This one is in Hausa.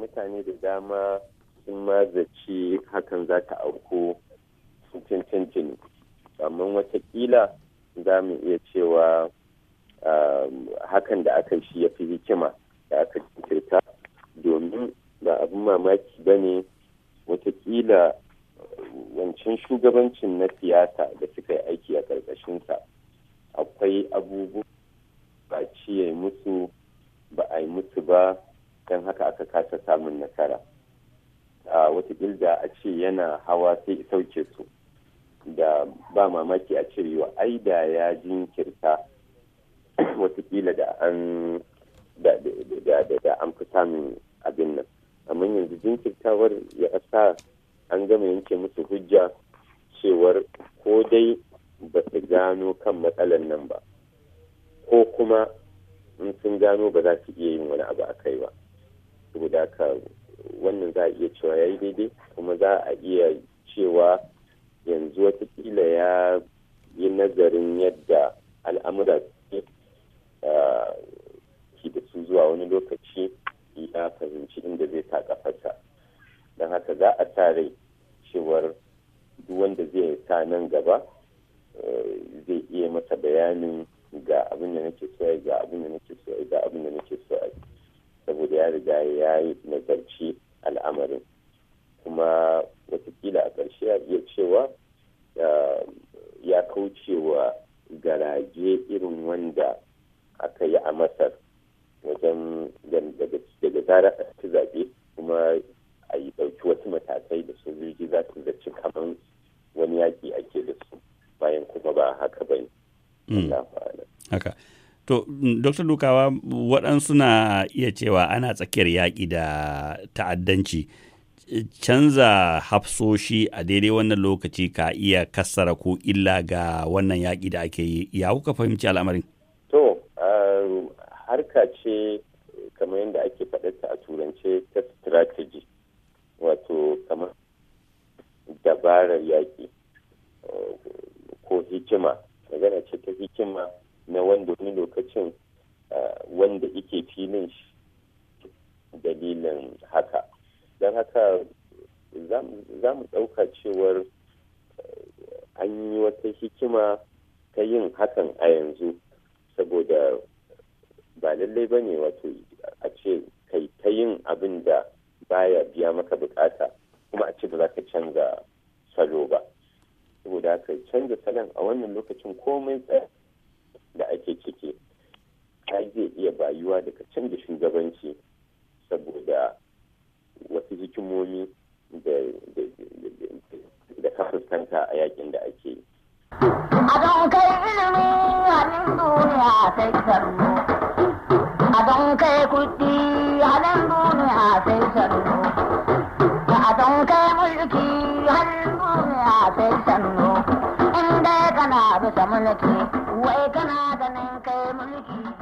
mutane da dama sun mazaci hakan za ta auku jini amma watakila za mu iya cewa um, hakan da aka shi ya fi hikima da aka kirkirta domin ba abin mamaki ba ne watakila wancan shugabancin na siyasa da suka yi aiki a ƙarƙashinsa akwai abubuwa ba ciye musu ba a yi musu ba don haka aka kasa samun nasara wata da a ce yana hawa sai sauke su da ba mamaki a cirewa ai da ya jinkirta watakila da an da an fi samun abin nan amma yanzu jinkirtawar ya sa an gama yanke musu hujja cewar ko dai ba su gano kan matsalar nan ba ko kuma in sun gano ba za su iya yin wani abu a kai ba saboda haka wannan za a iya cewa ya yi daidai kuma za a iya cewa yanzu watakila ya yi nazarin yadda al'amura ke da su zuwa wani lokaci ya fahimci inda zai ta kafarsa don haka za a sa cewar duk wanda zai sa nan gaba eh, zai iya masa bayanin ga abin da nake so ga abin da nake so ga abin da nake so ya riga ya yi nazarci al'amarin kuma watakila a ƙarshe a iya cewa ya kaucewa garaje irin wanda aka yi a masar wajen daga zarar a ta zaɓe kuma a yi ɗauki wasu matakai da sojoji za su zaci kamar wani yaƙi ake da su bayan kuma ba haka ba ne. Hmm. To, mm, Dr. Dukawa waɗansu na iya cewa ana tsakiyar yaƙi da ta'addanci. Canza hafsoshi a daidai wannan lokaci ka iya kassara ko illa ga wannan yaƙi da ake yi. Ya kuka fahimci al'amarin? To, um, harka ce kamar yadda ake faɗarta a turance ta strategy. Wato, kamar dabarar yaƙi uh, ko hikima. Magana ce ta hikima. na wanda wani lokacin wanda ike filin shi dalilin haka don haka za mu ɗauka cewar an yi wata hikima ta yin hakan a yanzu saboda ba lallai ba ne wato a ce kai ta yin abin da baya biya maka bukata kuma a ce ba za ka canza salo ba saboda ka canza salon a wannan lokacin komai tsaye da ake ciki ta zai iya bayuwa daga da shugabanci saboda wasu hikimomi da ka fuskanta a yakin da ake yi. A don kai ilimin halin duniya sai sannu, a don kai kuɗi halin duniya sai sannu. bisa mulki wai kana ganin kai mulki